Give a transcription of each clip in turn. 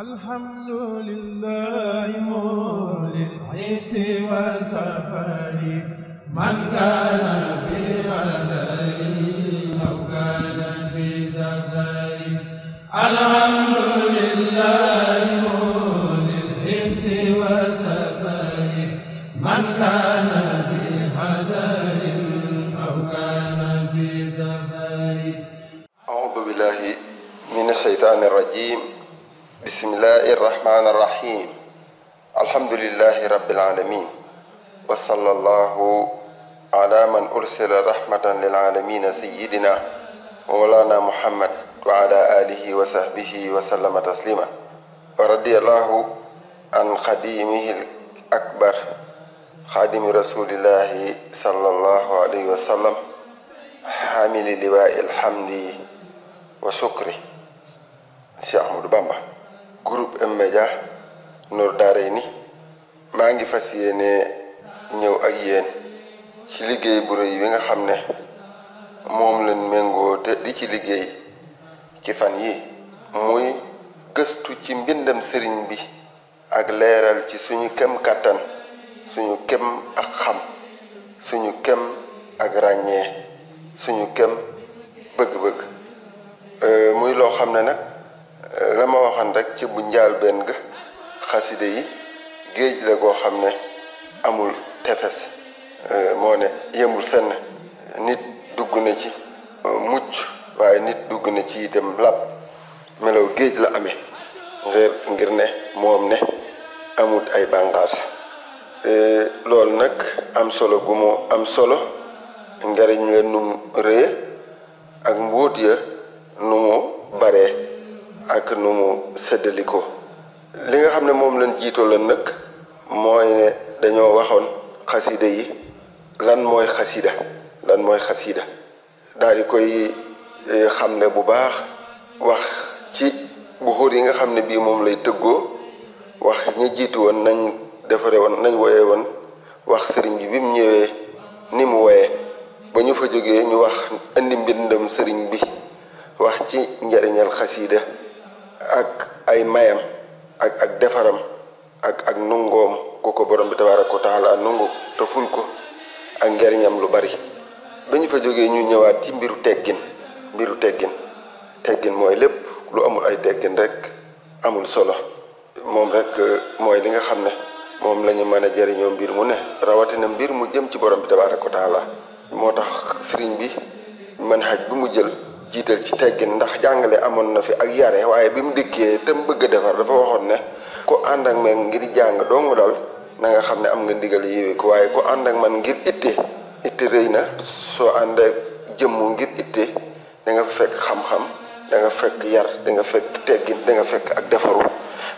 الحمد لله مول العيس وسفري من كان في غدري لو كان في سفري الحمد لله مول الحبس وسفري من كان في غدر أو كان في سفري أعوذ بالله من الشيطان الرجيم bismillahi irrahmani irrahim alhamdulilahi rabilalamin wasalallahu ala man ursila rahmatan lilalamina sayidina mawlana muhammad wa ala alihi wa sahbihi wa sallama taslima wa radiallahu an xadimihi l akbar xadimi rasulillahi sallallahu alayhi wa sallam xamili liwaa ilhamdi wa sukri si ahmadu bamba groupe M-Media Nour Daarayni maa ngi fas yéene ñëw ak yéen ci liggéey bu rëy bi nga xam ne moom lañ méngoo te di ci liggéey ci fan yi muy gëstu ci mbindam sëriñ bi ak leeral ci suñu kem kàttan suñu kem ak xam suñu kem ak ràññee suñu kem bëgg-bëgg euh, muy loo xam ne nag la ma rek ci bu njaal benn ga yi géej la goo xam ne amul tefes euh, moo ne yemul fenn nit dugg na ci euh, mucc waaye nit dugg na ci itam lab melaw géej la amee ngir ne moom ne amut ay bànqaas euh, loolu nag am solo gu mu am solo njariñ la num rëy leen jiitaloon nag mooy ne dañoo waxoon xasida yi lan mooy xasida lan mooy xasida daal di koy eh, xam ne bu baax wax ci buxóor yi nga xam ne bii moom lay tëggoo wax ñi jiitu woon nañ defare woon nañ woyee woon wax sëriñ bi bi mu ñëwee ni mu woyee ba ñu fa jógee ñu wax indi mbindam sëriñ bi wax ci njariñal xasida ak ay mayam ak ak defaram ak ak nungoom ku ko borom bi tabaaraka wa taala nungu te ko ak njariñam lu bari ba fa jógee ñu ñëwaat ci mbiru teggin mbiru teggin teggin mooy lépp lu amul ay teggin rek amul solo moom rek euh, mooy li nga xam ne moom la ñu mën a jariñoo mbir mu ne rawatina mbir mu jëm ci borom bi tabaaraka wa taala moo tax sëriñ bi man xaj bi mu jël jiital ci teggin ndax jàngale amoon na fi ak yare waaye bi mu dikkee te mu bëgg a defar dafa waxoon ne ko ànd ak man ngir jàng doomu daal na nga xam ne am nga ndigal yiwi waaye ko ànd ak man ngir itte itte rëy na soo ànd ak jëmm ngir itte da fekk xam-xam da fekk yar danga fekk teggin danga fekk ak defaru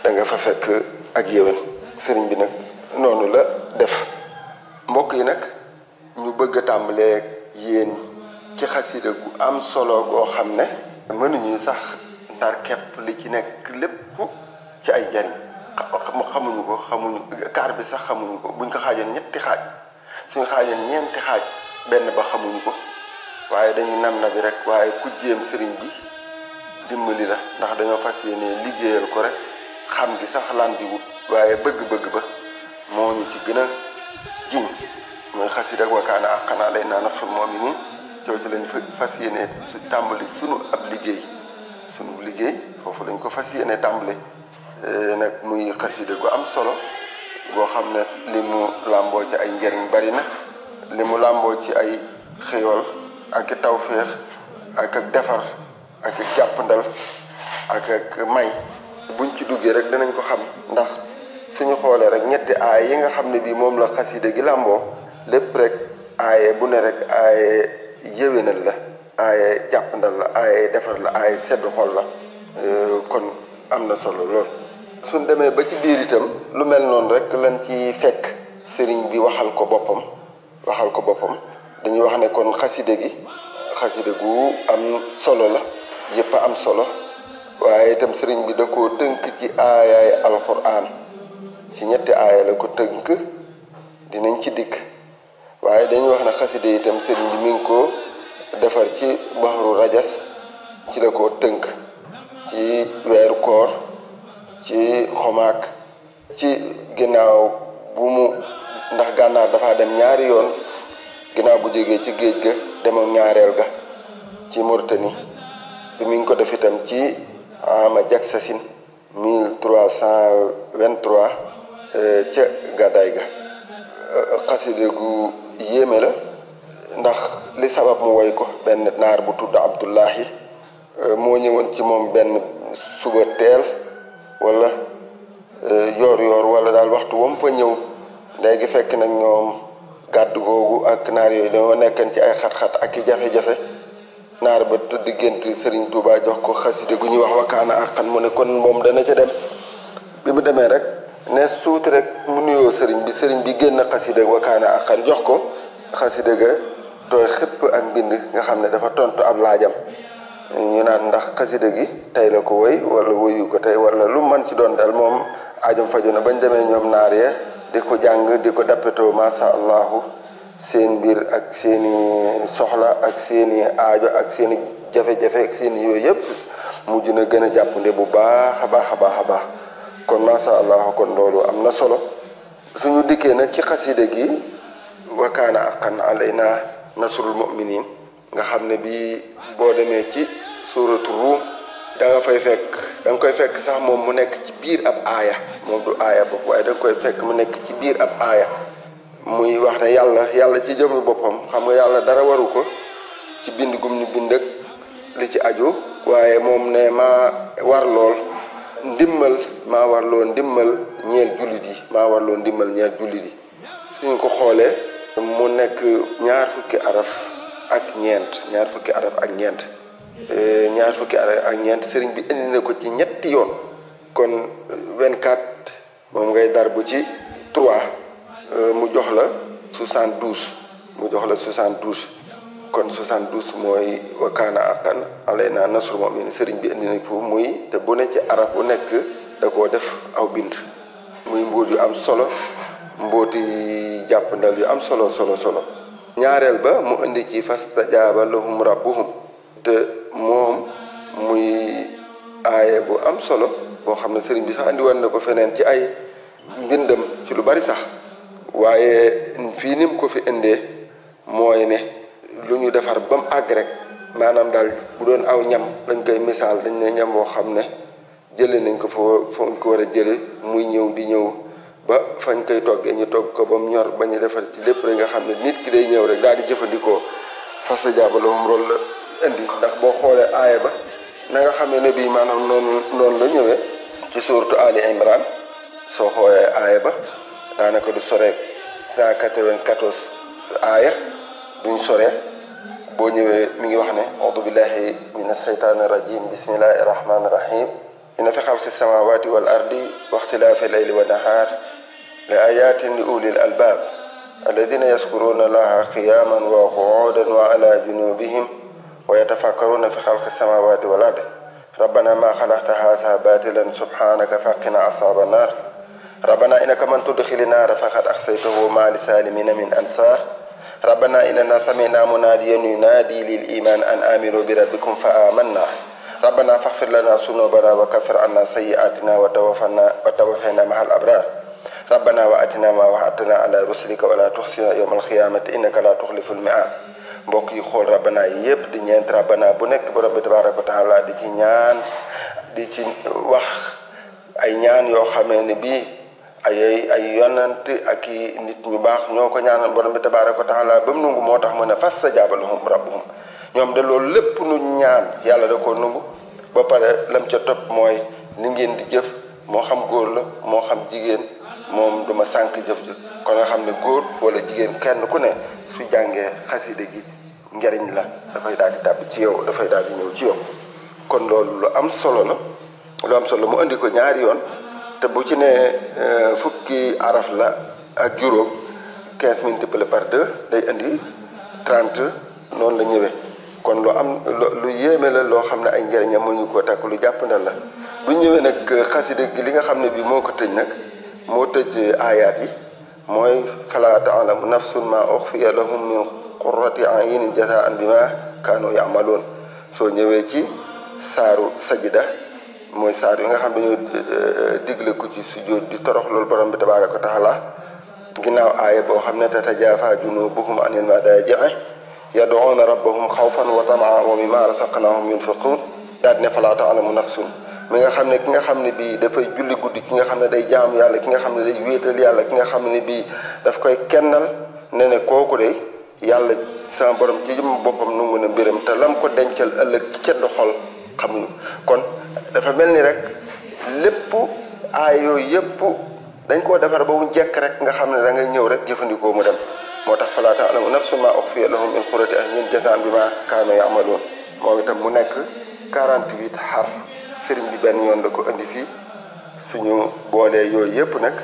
danga fa fekk ak yéwén sëriñ bi nag noonu la def mbokk yi nag ñu bëgg a tàmbalee yéen ci xasida gu am solo goo xam ne mënuñu sax ndar li ci nekk lépp ci ay jariñ xamuñu ko xamuñu kaar bi sax xamuñu ko buñ ko xaajoon ñetti xaaj suñu xaajoon ñeenti xaaj benn ba xamuñu ko waaye dañuy nam na bi rek waaye ku jéem sëriñ bi dimbali la ndax dañoo fas yéene liggéeyal ko rek xam gi sax lan di wut waaye bëgg-bëgg ba moo ñu ci gën a jiñ mooy xasida ak wakaana ak xanaa lay naa nasul moom yi nii coocu lañu fas yéene tàmbali suñu ab liggéey suñu liggéey foofu lañ ko fas yéene tàmbali Eh, nag muy xasida gu am solo goo xam ne li mu làmboo ci ay njariñ bari na li mu làmboo ci ay xéewal ak tawféex ak ak defar ak ak jàppandal ak ak may buñ ci duggee rek dinañ ko xam ndax suñu xoolee rek ñetti aay yi nga xam ne bii moom la xasida gi làmboo lépp rek aaye bu ne rek aaye yéwénal la aaye jàppandal la aaye defar la aaye sedd xol la eh, kon am na solo lool su demee ba ci biir itam lu mel noonu rek lan ci fekk sëriñ bi waxal ko boppam waxal ko boppam dañuy wax ne kon xaside gi xaside gu am solo la yépp am solo waaye itam sëriñ bi da koo tënk ci aayaay alxuraan ci ñetti aaya la ko tënk dinañ ci dikk waaye dañuy wax ne xaside itam sëriñ bi mi ngi ko defar ci baxru rajas ci la ko tënk ci weeru koor ci xomaak ci ginnaaw bu mu ndax gànnaar dafa dem ñaari yoon ginnaaw bu jógee ci géej ga demam ñaareel ga ci Mauritanie te mi ko def itam ci ama jaksasin 1323 euh, ca gàddaay ga euh, xaside gu yéeme la ndax li sabab mu woy ko benn naar bu tudd Abdullahi euh, moo ñëwoon ci moom benn suba wala eh, yoor yoor wala daal waxtu wam fa ñëw léegi fekk nag ñoom gàdd googu ak naar yooyu dañoo nekkan ci ay xat-xat ak i jafe-jafe naar ba tudd gént Serigne Touba jox ko xaside gu ñuy wax wakkaana ak xan mu ne kon moom dana ca dem bi mu demee rek ne tuuti rek mu nuyoo sëriñ bi sëriñ bi génn xaside wakkaana ak xan jox ko xaside ga tooy xëpp ak mbind nga xam ne dafa tontu ab laajam ñu naan ndax xasida gi tey la ko woy wala woyu ko tey wala lu man ci doon daal moom ajum faju na bañ demee ñoom naar ya di ko jàng di ko dappetoo masha allahu seen biir ak seeni soxla ak seeni aajo ak seeni jafe-jafe seeni yooyu yëpp mujj na gën a jàppande bu baax a baax a baax a baax kon masha allahu kon loolu am na solo suñu dikkee nag ci xasida gi wakaana aqan alay na nasrul muminin nga xam ne bii boo demee ci suuratu ruum da fay fekk danga koy fekk sax moom mu nekk ci biir ab aaya moom du aaya bopp waaye da koy fekk mu nekk ci biir ab aaya muy wax ne yàlla yàlla ci jëmmi boppam xam nga yàlla dara waru ko ci bind gum ni bind li ci aju waaye moom ne maa war lool ndimmal maa war lool ndimmal ñeel jullit yi maa war lool ndimmal ñeel jullit yi suñ ko xoolee mu nekk ñaar fukki araf ak ñeent ñaar fukki araf ak ñeent eh, ñaar fukki araf ak ñeent sëriñ bi indi na ko ci ñetti yoon kon 24 eh, moom ngay dar bu ci 3 eh, mu jox la 72 mu jox la 72 kon 72 mooy wa kaana aqan na nasru mu'min sëriñ bi indi na ko muy te bu ne ci arab bu nekk da koo def aw bind muy mbóot yu am solo mbóoti jàppandal yu am solo solo solo ñaareel ba mu indi ci fastajaaba lahum rabbuhum te moom muy aaye bu am solo boo xam ne sëriñ bi sax andi woon na ko feneen ci ay mbindam ci lu bari sax waaye fii ni ko fi indee mooy ne lu ñu defar ba mu rek maanaam daal bu doon aw ñam dañ koy misaal dañ ne ñam woo xam ne jële nañ ko foo foo ko war a muy ñëw di ñëw ba fañ koy toggee ñu togg ko ba mu ñor ba ñu defar ci lépp rek nga xam ne nit ki day ñëw rek daal di jëfandikoo fas jaabalawum rol la indi ndax boo xoolee aaya ba na nga xamee ne bii maanaam noonu noonu la ñëwee ci suurtu Ali Imran soo xoolee aaya ba daanaka du sore 194 aaya duñ sore boo ñëwee mi ngi wax ne audu billahi min asheytaani rajim bismillahi rahmaani rahim inna fi xalqi samawati wal ardi waxtilaafi layli wa nahaar لآيات لأولي الألباب الذين يذكرون الله قياما وقعودا وعلى جنوبهم ويتفكرون في خلق السماوات والأرض ربنا ما خلقت هذا باطلا سبحانك فقنا عذاب النار ربنا إنك من تدخل النار فقد أخزيته ما لسالمين من أنصار ربنا إننا سمعنا مناديا ينادي للإيمان أن آمنوا بربكم فآمنا ربنا فاغفر لنا ذنوبنا وكفر عنا سيئاتنا وتوفنا وتوفنا مع الأبرار rabbana wa atina ma waxatana ala rusulika wala tuxsina yawmal xiyaamati innaka la tuxliful mi'aad mbokk yi xool rabbana yi yëpp di ñeent rabbana bu nekk borom bi tabaraka wa taala di ci di ci wax ay ñaan yoo xamee ne bii ay ay yonant ak i nit ñu baax ñoo ko ñaanal borom bi tabaraka wa taala ba nungu moo tax mu ne fastajaaba lahum rabbuhum ñoom de loolu lépp nu ñaan yàlla da nungu ba pare lam ca mooy li ngeen di jëf moo xam góor la moo xam jigéen moom duma sànq jëf ja kon nga xam ne góor wala jigéen kenn ku ne su jàngee xasida gi njariñ la dafay daal di tàbb ci yow dafay daal di ñëw ci yow kon loolu lu am solo la lu am solo mu indi ko ñaari yoon te bu ci ne euh, fukki araf la ak juróom quinze multiplié par deux day indi trent noonu la ñëwee kon lu am lu yéeme la loo xam ne ay njëriñam mu ñu ko takk lu jàpp jàppandal la bu ñëwee nag euh, xasida gi li nga xam ne bii moo ko tëj nag moo tëj aayaat yi mooy falaa taalamu nafsun ma uxfiya lahum min qurrati aynin jasaan bima kaanu yaamaloon soo ñëwee ci saaru sajida mooy saar yi nga xam dañoo eh, digle ku ci sujjóot di torox loolu borom bi tabaaraka wa taala ginnaaw aaya boo xam ne tatajaafaa junubuhum anil madaaji'i yad'uuna rabbahum xawfan wa tamaan wa mimmaa razaqnaahum yunfiquun daal ne falaa taalamu nafsun mi nga xam ne ki nga xam ne bii dafay julli guddi ki nga xam ne day jaam yàlla ki nga xam ne day wéetal yàlla ki nga xam ne bii daf koy kennal ne ne kooku de yàlla sama borom ci boppam nangu na mbiram te lam ko dencal ëllëg ci ceddu xol xamuñu kon dafa mel ni rek lépp aay yooyu yëpp dañ koo defar ba mu jekk rek nga xam ne da ngay ñëw rek jëfandikoo mu dem moo tax falaa ta'lamu nafsun maa ukhfiya lahum min qurrati a'yunin jazaan bimaa kaanu ya'maluun moom itam mu nekk 48 xarf sëriñ bi benn yoon da ko indi fii suñu boolee yooyu yëpp nag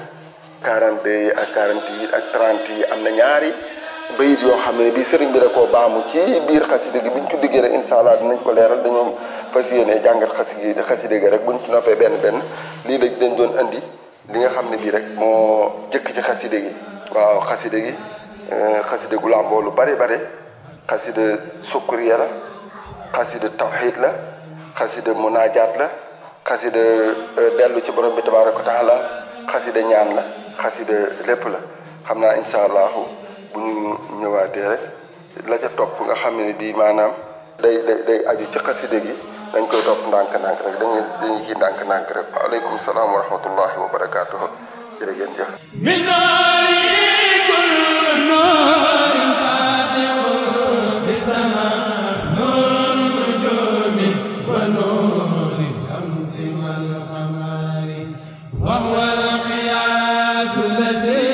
42 yi ak yi ak 30 yi am na ñaari bayit yoo xam ne bii sëriñ bi da koo baamu ci biir xasida gi buñ ci diggee rek allah dinañ ko leeral dañoo fas yéene jàngat xasida xasida gi rek buñ ci noppee benn benn lii lañ dañ doon indi li nga xam ne bii rek moo jëkk ci xasida gi waaw xasida gi euh, xasida gu làmboo lu bare bare xasida sukkuriya la xasida tawxiid la xasida munaajaat la xasida euh, dellu ci borom bi tabaaraka taala ñaan la xasida lépp la xam na incha allahu bu ñu ñëwaatee rek la ca topp nga xam ne bii maanaam day day day aju ci xasida gi dañ koy topp ndànk-ndànk rek dañuy dañuy kii ndànk rek waaleykum salaam wa rahmatullahi wa barakaatuhu jërë ngeen الذي